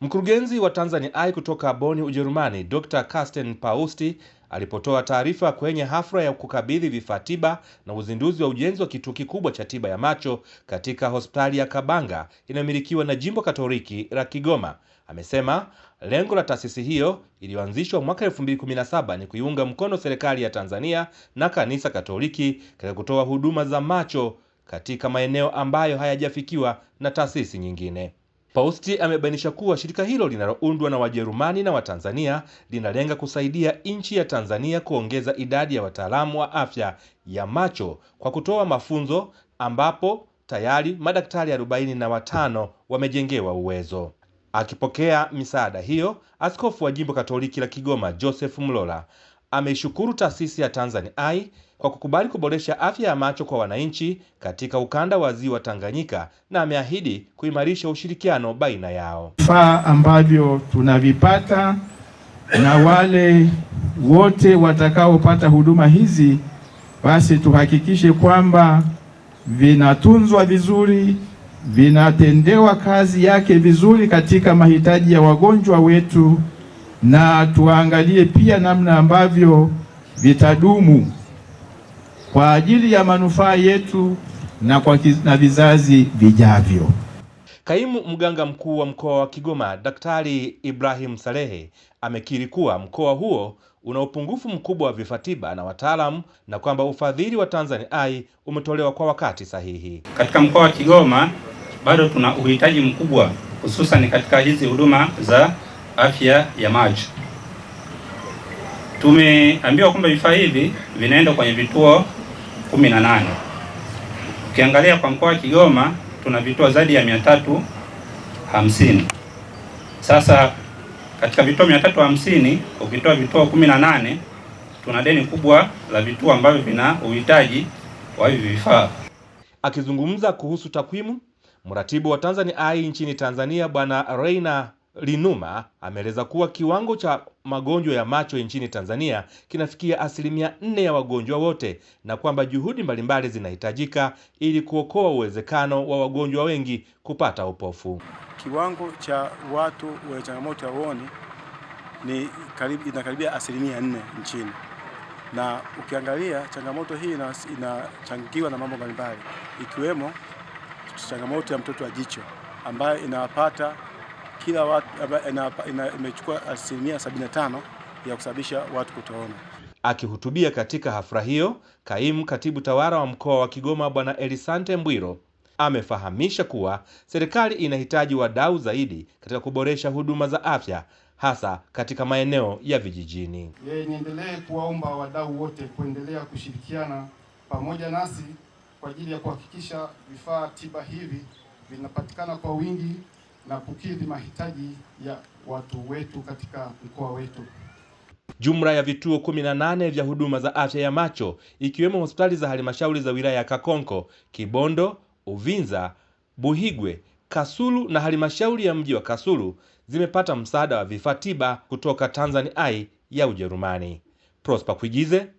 Mkurugenzi wa Tanzania Eye kutoka Boni, Ujerumani, Dr. Karsten Pausti alipotoa taarifa kwenye hafla ya kukabidhi vifaa tiba na uzinduzi wa ujenzi wa kituo kikubwa cha tiba ya macho katika hospitali ya Kabanga inayomilikiwa na Jimbo Katoliki la Kigoma, amesema lengo la taasisi hiyo iliyoanzishwa mwaka 2017 ni kuiunga mkono serikali ya Tanzania na Kanisa Katoliki katika kutoa huduma za macho katika maeneo ambayo hayajafikiwa na taasisi nyingine. Posti amebainisha kuwa shirika hilo linaloundwa na Wajerumani na Watanzania linalenga kusaidia nchi ya Tanzania kuongeza idadi ya wataalamu wa afya ya macho kwa kutoa mafunzo ambapo tayari madaktari arobaini watano wamejengewa uwezo. Akipokea misaada hiyo, Askofu wa Jimbo Katoliki la Kigoma Joseph Mlola ameishukuru taasisi ya Tanzania Eye kwa kukubali kuboresha afya ya macho kwa wananchi katika ukanda wa Ziwa Tanganyika na ameahidi kuimarisha ushirikiano baina yao. Vifaa ambavyo tunavipata na wale wote watakaopata huduma hizi, basi tuhakikishe kwamba vinatunzwa vizuri, vinatendewa kazi yake vizuri katika mahitaji ya wagonjwa wetu na tuangalie pia namna ambavyo vitadumu kwa ajili ya manufaa yetu na, kwa kiz, na vizazi vijavyo. Kaimu mganga mkuu wa mkoa wa Kigoma Daktari Ibrahim Salehe amekiri kuwa mkoa huo una upungufu mkubwa wa vifaa tiba na wataalamu na kwamba ufadhili wa Tanzania Eye umetolewa kwa wakati sahihi. Katika mkoa wa Kigoma bado tuna uhitaji mkubwa hususan katika hizi huduma za afya ya macho. Tumeambiwa kwamba vifaa hivi vinaenda kwenye vituo 18 Ukiangalia kwa mkoa wa Kigoma tuna vituo zaidi ya mia hamsini. Sasa katika vituo mia hamsini ukitoa vituo 18 nane tuna deni kubwa la vituo ambavyo vina uhitaji wa hivi vifaa. Akizungumza kuhusu takwimu, mratibu wa Tanzania AI nchini Tanzania Bwana Reina Linuma ameeleza kuwa kiwango cha magonjwa ya macho nchini Tanzania kinafikia asilimia nne ya wagonjwa wote na kwamba juhudi mbalimbali zinahitajika ili kuokoa uwezekano wa wagonjwa wengi kupata upofu. Kiwango cha watu wenye changamoto ya uoni ni karibu, inakaribia asilimia nne nchini, na ukiangalia changamoto hii inachangiwa na mambo mbalimbali ikiwemo changamoto ya mtoto wa jicho ambayo inawapata kila watu imechukua asilimia 75 ya kusababisha watu kutoona. Akihutubia katika hafla hiyo, kaimu katibu tawala wa mkoa wa Kigoma Bwana Elisante Mbwiro amefahamisha kuwa serikali inahitaji wadau zaidi katika kuboresha huduma za afya hasa katika maeneo ya vijijini. Yeye niendelee kuwaomba wadau wote kuendelea kushirikiana pamoja nasi kwa ajili ya kuhakikisha vifaa tiba hivi vinapatikana kwa wingi na kukidhi mahitaji ya watu wetu katika mkoa wetu. Jumla ya vituo 18 vya huduma za afya ya macho ikiwemo hospitali za halmashauri za wilaya ya Kakonko, Kibondo, Uvinza, Buhigwe, Kasulu na halmashauri ya mji wa Kasulu zimepata msaada wa vifaa tiba kutoka Tanzania ya Ujerumani. Prosper Kuigize,